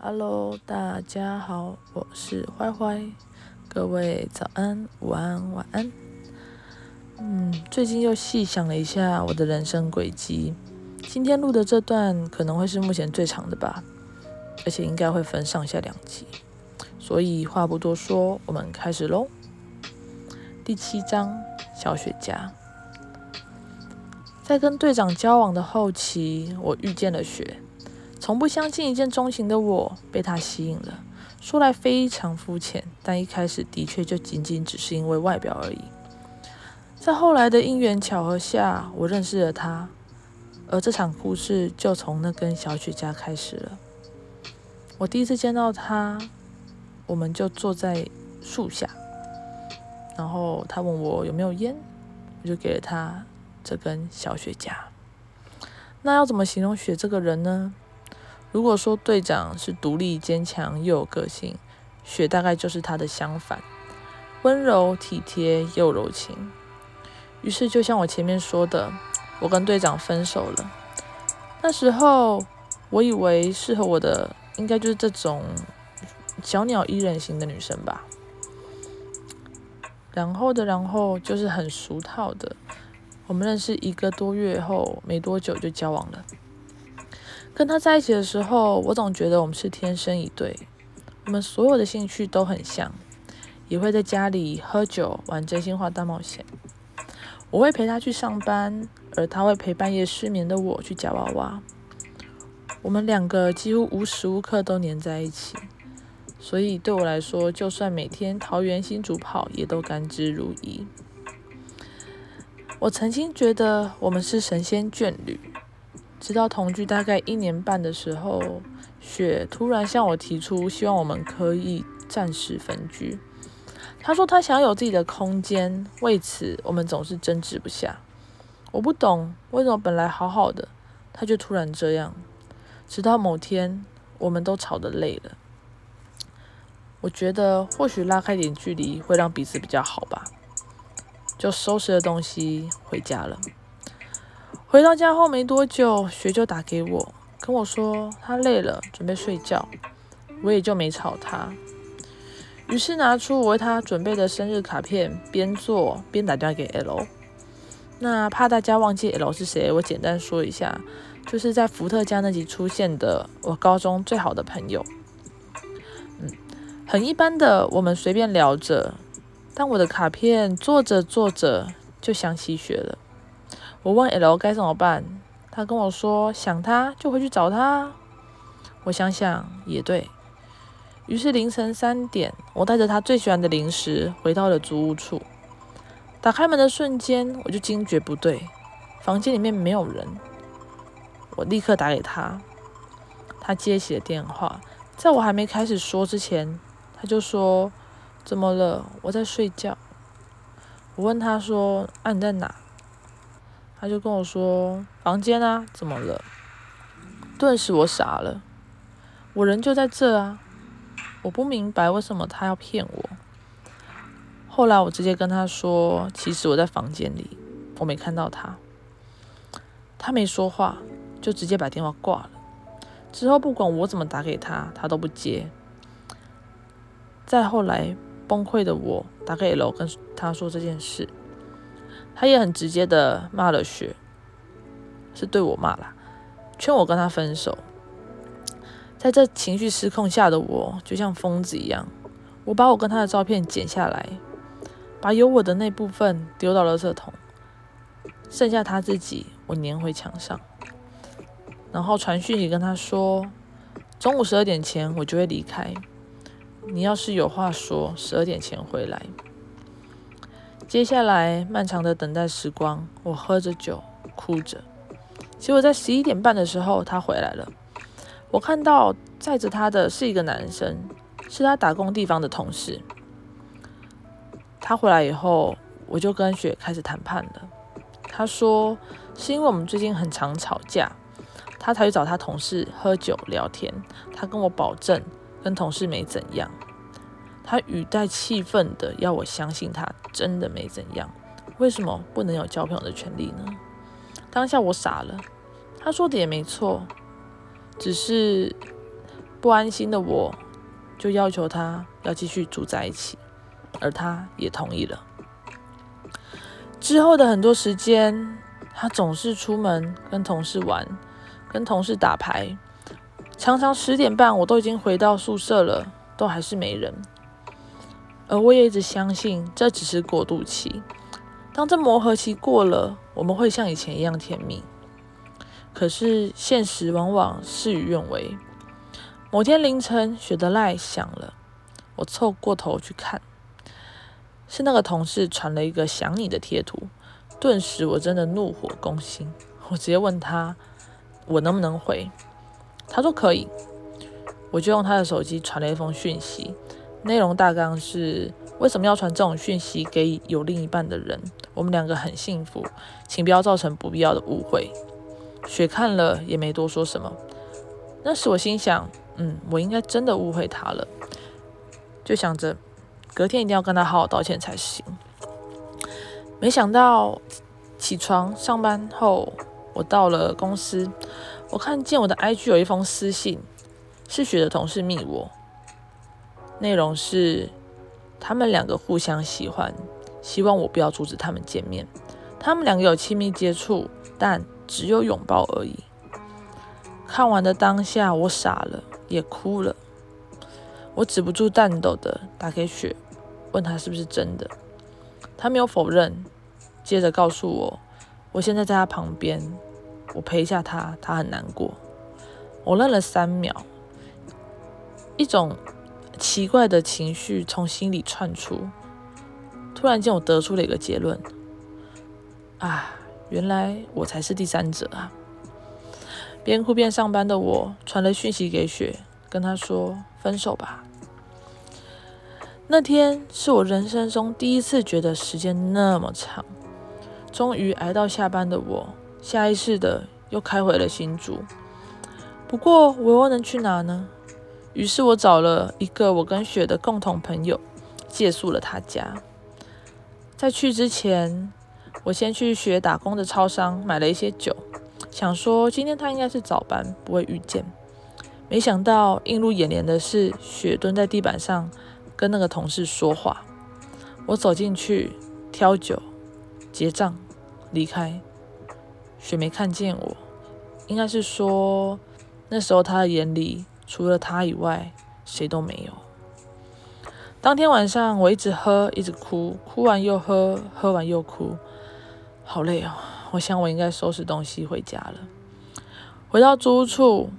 Hello，大家好，我是壞壞，各位早安、午安、晚安。嗯，最近又細想了一下我的人生軌跡，今天錄的這段可能會是目前最長的吧，而且應該會分上下兩集，所以話不多說，我們開始嘍。第七章，小雪茄。在跟隊長交往的後期，我遇見了雪。從不相信一見鍾情的我被他吸引了，說來非常膚淺，但一開始的確就僅僅只是因為外表而已。在後來的因緣巧合下，我認識了他，而這場故事就從那根小雪茄開始了。我第一次見到他，我們就坐在樹下，然後他問我有沒有煙，我就給了他這根小雪茄。那要怎麼形容雪這個人呢？如果說隊長是獨立堅強又有個性，雪大概就是他的相反，溫柔體貼又柔情。於是，就像我前面說的，我跟隊長分手了。那時候我以為適合我的應該就是這種小鳥依人型的女生吧。然後的然後就是很俗套的，我們認識一個多月後沒多久就交往了。跟他在一起的時候，我總覺得我們是天生一對。我們所有的興趣都很像，也會在家裡喝酒、玩真心話大冒險。我會陪他去上班，而他會陪半夜失眠的我去夾娃娃。我們兩個幾乎無時無刻都黏在一起，所以對我來說，就算每天桃園新竹跑也都甘之如飴。我曾經覺得我們是神仙眷侶。直到同居大概一年半的時候，雪突然向我提出，希望我們可以暫時分居。他說他想要有自己的空間，為此我們總是爭執不下。我不懂為什麼本來好好的，他就突然這樣。直到某天，我們都吵得累了，我覺得或許拉開點距離會讓彼此比較好吧，就收拾了東西回家了。回到家後沒多久，雪就打給我，跟我說他累了，準備睡覺，我也就沒吵他。於是拿出我為他準備的生日卡片，邊做邊打電話給 L。那怕大家忘記 L 是誰，我簡單說一下，就是在伏特加那集出現的我高中最好的朋友。嗯，很一般的，我們隨便聊着。但我的卡片做着做着，就想起雪了。我問 L 該怎麼辦，他跟我說想他就回去找他。我想想也對，於是凌晨三點，我帶着他最喜歡的零食回到了租屋處。打開門的瞬間，我就驚覺不對，房間裡面沒有人。我立刻打給他，他接起了電話，在我還沒開始說之前，他就說怎麼了？我在睡覺。我問他說，啊，你在哪？他就跟我說：“房間啊，怎麼了？”頓時我傻了，我人就在這啊，我不明白為什麼他要騙我。後來我直接跟他說：“其實我在房間裡，我沒看到他。”他沒說話，就直接把電話掛了。之後不管我怎麼打給他，他都不接。再後來崩潰的我，打給了我跟他說這件事。他也很直接的罵了雪，是對我罵啦，勸我跟他分手。在這情緒失控下的我，就像瘋子一樣，我把我跟他的照片剪下來，把有我的那部分丟到了垃圾桶，剩下他自己，我粘回牆上。然後傳訊息跟他說，中午十二點前我就會離開，你要是有話說，十二點前回來。接下來漫長的等待時光，我喝着酒，哭着。結果在十一點半的時候，他回來了。我看到載着他的是一個男生，是他打工地方的同事。他回來以後，我就跟雪開始談判了。他說是因為我們最近很常吵架，他才去找他同事喝酒聊天。他跟我保證，跟同事沒怎樣。他語帶氣憤的要我相信他真的沒怎樣，為什麼不能有交朋友的權利呢？當下我傻了，他說的也沒錯，只是不安心的我，就要求他要繼續住在一起，而他也同意了。之後的很多時間，他總是出門跟同事玩，跟同事打牌，常常十點半我都已經回到宿舍了，都還是沒人。而我也一直相信，這只是過渡期。當這磨合期過了，我們會像以前一樣甜蜜。可是現實往往事與願違。某天凌晨，雪的賴響了，我湊過頭去看，是那個同事傳了一個“想你”的貼圖。頓時，我真的怒火攻心。我直接問他，我能不能回？他說可以。我就用他的手機傳了一封訊息。內容大綱是：為什麼要傳這種訊息給有另一半的人？我們兩個很幸福，請不要造成不必要的誤會。雪看了也沒多說什麼。那時我心想，嗯，我應該真的誤會他了，就想着隔天一定要跟他好好道歉才行。沒想到起床上班後，我到了公司，我看見我的 IG 有一封私信，是雪的同事密我。內容是他們兩個互相喜歡，希望我不要阻止他們見面。他們兩個有親密接觸，但只有擁抱而已。看完的當下，我傻了，也哭了。我止不住顫抖地打給雪，問他是不是真的。他沒有否認，接着告訴我，我現在在他旁邊，我陪一下他，他很難過。我愣了三秒，一種……奇怪的情緒從心裡竄出，突然間我得出了一個結論：啊，原來我才是第三者啊！邊哭邊上班的我，傳了訊息給雪，跟她說分手吧。那天是我人生中第一次覺得時間那麼長。終於挨到下班的我，下意識的又開回了新竹。不過，我又能去哪呢？於是我找了一個我跟雪的共同朋友，借宿了他家。在去之前，我先去雪打工的超商買了一些酒，想說今天他應該是早班，不會遇見。沒想到映入眼簾的是雪蹲在地板上跟那個同事說話。我走進去挑酒、結賬、離開，雪沒看見我，應該是說那時候他的眼裡。除了他以外，誰都沒有。當天晚上，我一直喝，一直哭，哭完又喝，喝完又哭，好累哦！我想我應該收拾東西回家了。回到租屋處，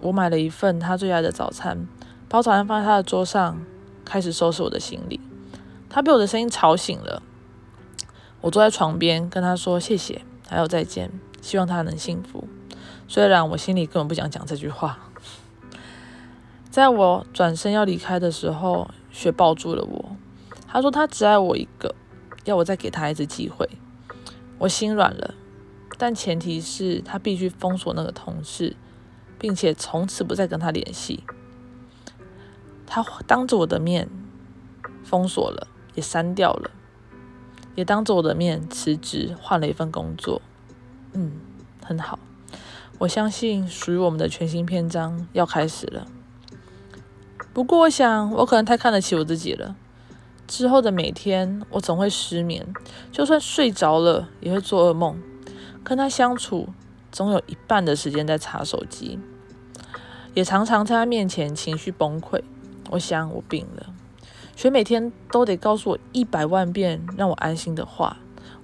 我買了一份他最愛的早餐，把早餐放在他的桌上，開始收拾我的行李。他被我的聲音吵醒了，我坐在床邊跟他說謝謝，還有再見，希望他能幸福。雖然我心裡根本不想講這句話。在我轉身要離開的時候，雪抱住了我。他說他只愛我一個，要我再給他一次機會。我心軟了，但前提是他必須封鎖那個同事，並且從此不再跟他聯繫。他當着我的面封鎖了，也刪掉了，也當着我的面辭職，換了一份工作。嗯，很好。我相信屬於我們的全新篇章要開始了。不過，我想我可能太看得起我自己了。之後的每天，我總會失眠，就算睡着了也會做噩夢。跟他相處，總有一半的時間在查手機，也常常在他面前情緒崩潰。我想我病了，卻每天都得告訴我一百萬遍讓我安心的話。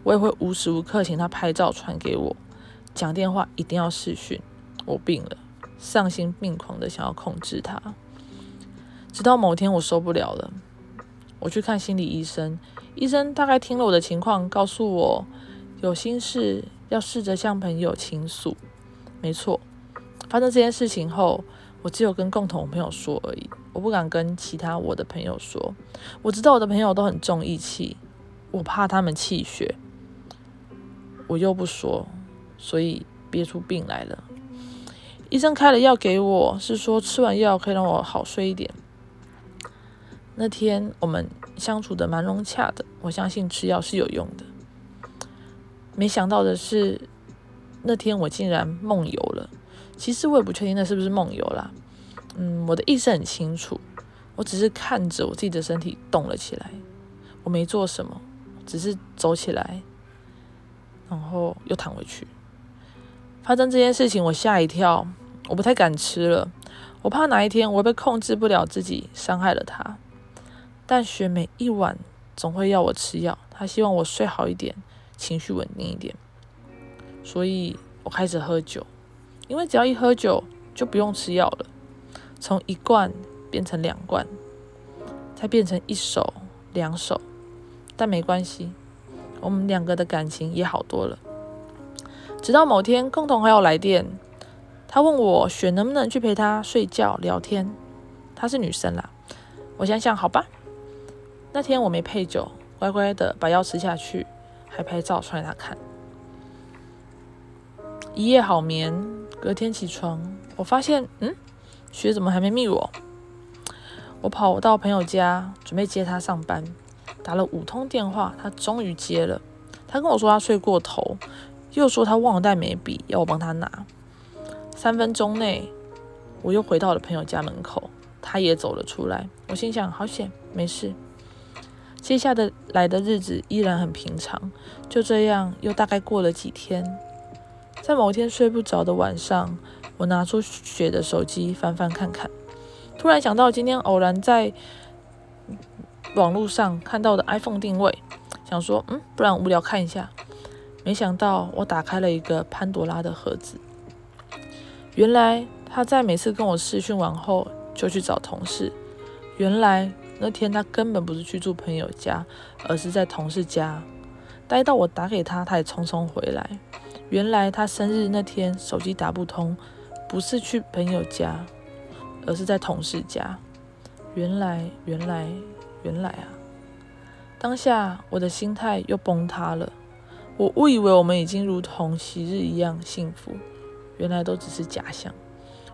我也會無時無刻請他拍照傳給我。講電話一定要視訊。我病了，喪心病狂的想要控制他，直到某天我受不了了，我去看心理醫生。醫生大概聽了我的情況，告訴我有心事要試着向朋友傾訴。沒錯，發生這件事情後，我只有跟共同朋友說而已，我不敢跟其他我的朋友說。我知道我的朋友都很重義氣，我怕他們氣血，我又不說。所以憋出病來了。醫生開了藥給我，是說吃完藥可以讓我好睡一點。那天我們相處得蠻融洽的，我相信吃藥是有用的。沒想到的是，那天我竟然夢遊了。其實我也不確定那是不是夢遊啦。嗯，我的意識很清楚，我只是看着我自己的身體動了起來。我沒做什麼，只是走起來，然後又躺回去。發生這件事情，我嚇一跳，我不太敢吃了，我怕哪一天我會被控制不了自己，傷害了他。但雪每一晚總會要我吃藥，他希望我睡好一點，情緒穩定一點。所以我開始喝酒，因為只要一喝酒就不用吃藥了。從一罐變成兩罐，再變成一手兩手，但沒關係，我們兩個的感情也好多了。直到某天，共同好友來電，他問我雪能不能去陪他睡覺聊天。他是女生啦，我想想，好吧。那天我沒配酒，乖乖的把藥吃下去，還拍照傳給他看。一夜好眠，隔天起床，我發現，嗯，雪怎麼還沒密我？我跑到朋友家準備接他上班，打了五通電話，他終於接了。他跟我說他睡過頭。又說他忘了帶眉筆，要我幫他拿。三分鐘內，我又回到了朋友家門口，他也走了出來。我心想：好險，沒事。接下來的日子依然很平常。就這樣，又大概過了幾天，在某天睡不着的晚上，我拿出雪的手機翻翻看看，突然想到今天偶然在網絡上看到的 iPhone 定位，想說：嗯，不然無聊看一下。沒想到，我打開了一個潘多拉的盒子。原來他在每次跟我視訊完後就去找同事。原來那天他根本不是去住朋友家，而是在同事家。待到我打給他，他也匆匆回來。原來他生日那天手機打不通，不是去朋友家，而是在同事家。原來，原來，原來啊！當下我的心態又崩塌了。我誤以為我們已經如同昔日一樣幸福，原來都只是假象。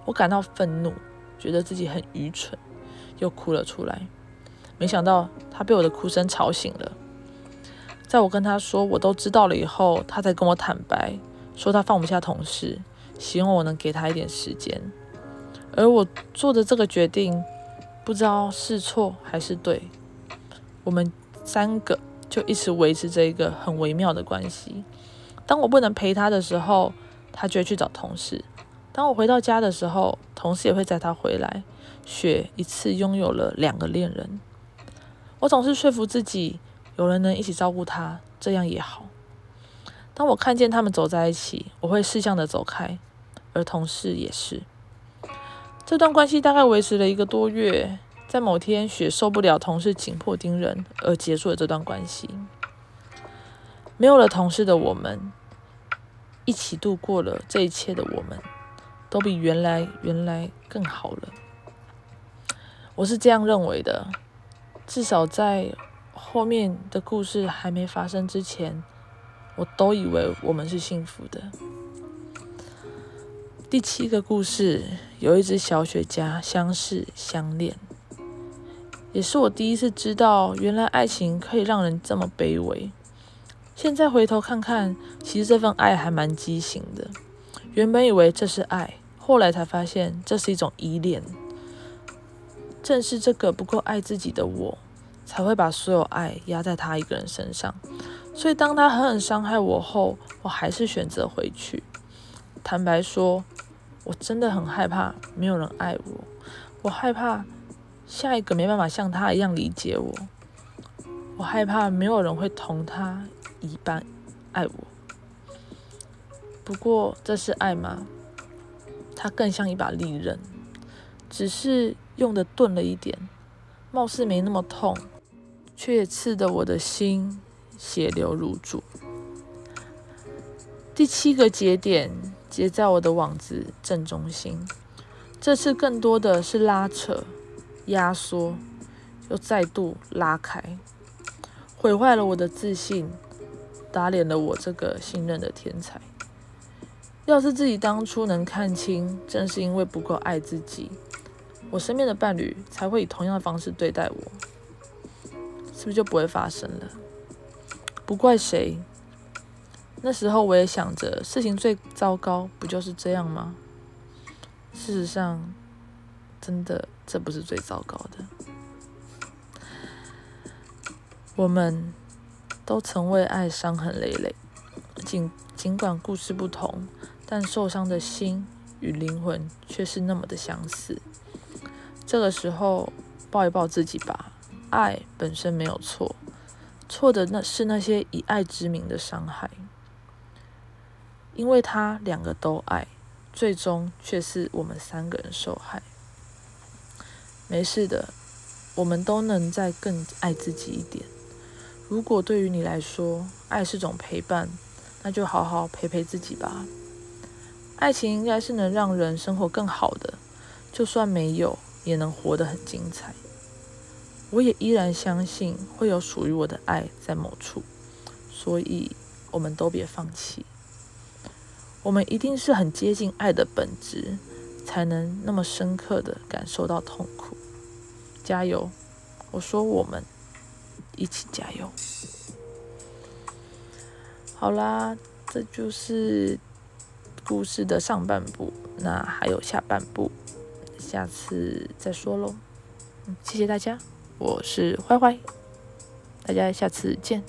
我感到憤怒，覺得自己很愚蠢，又哭了出來。沒想到他被我的哭聲吵醒了。在我跟他說我都知道了以後，他才跟我坦白，說他放不下同事，希望我能給他一點時間。而我做的這個決定，不知道是錯還是對。我們三個。就一直維持著一個很微妙的關係。當我不能陪他的時候，他就會去找同事；當我回到家的時候，同事也會載他回來。雪一次擁有了兩個戀人。我總是說服自己，有人能一起照顧他，這樣也好。當我看見他們走在一起，我會識相的走開，而同事也是。這段關係大概維持了一個多月。在某天，雪受不了同事緊迫盯人，而結束了這段關係。沒有了同事的我們，一起度過了這一切的我們，都比原來原來更好了。我是這樣認為的，至少在後面的故事還沒發生之前，我都以為我們是幸福的。第七個故事，有一只小雪茄相識相戀。也是我第一次知道，原來愛情可以讓人這麼卑微。現在回頭看看，其實這份愛還蠻畸形的。原本以為這是愛，後來才發現這是一種依戀。正是這個不夠愛自己的我，才會把所有愛壓在他一個人身上。所以當他狠狠傷害我後，我還是選擇回去。坦白說，我真的很害怕沒有人愛我，我害怕。下一個沒辦法像他一樣理解我，我害怕沒有人會同他一般愛我。不過這是愛嗎？它更像一把利刃，只是用的鈍了一點，貌似沒那麼痛，卻也刺得我的心血流如注。第七個節點結在我的網子正中心，這次更多的是拉扯。壓縮，又再度拉開，毀壞了我的自信，打臉了我這個信任的天才。要是自己當初能看清，正是因為不夠愛自己，我身邊的伴侶才會以同樣的方式對待我，是不是就不會發生了？不怪誰。那時候我也想着，事情，最糟糕不就是這樣嗎？事實上，真的。這不是最糟糕的。我們都曾為愛傷痕累累，儘儘管故事不同，但受傷的心與靈魂卻是那麼的相似。這個時候，抱一抱自己吧。愛本身沒有錯，錯的那是那些以愛之名的傷害。因為他兩個都愛，最終卻是我們三個人受害。沒事的，我們都能再更愛自己一點。如果對於你來說，愛是種陪伴，那就好好陪陪自己吧。愛情應該是能讓人生活更好的，就算沒有，也能活得很精彩。我也依然相信會有屬於我的愛在某處，所以我們都別放棄。我們一定是很接近愛的本質，才能那麼深刻地感受到痛苦。加油！我說我們一起加油。好啦，這就是故事的上半部，那還有下半部，下次再說嘍。嗯，謝謝大家，我是壞壞，大家下次見。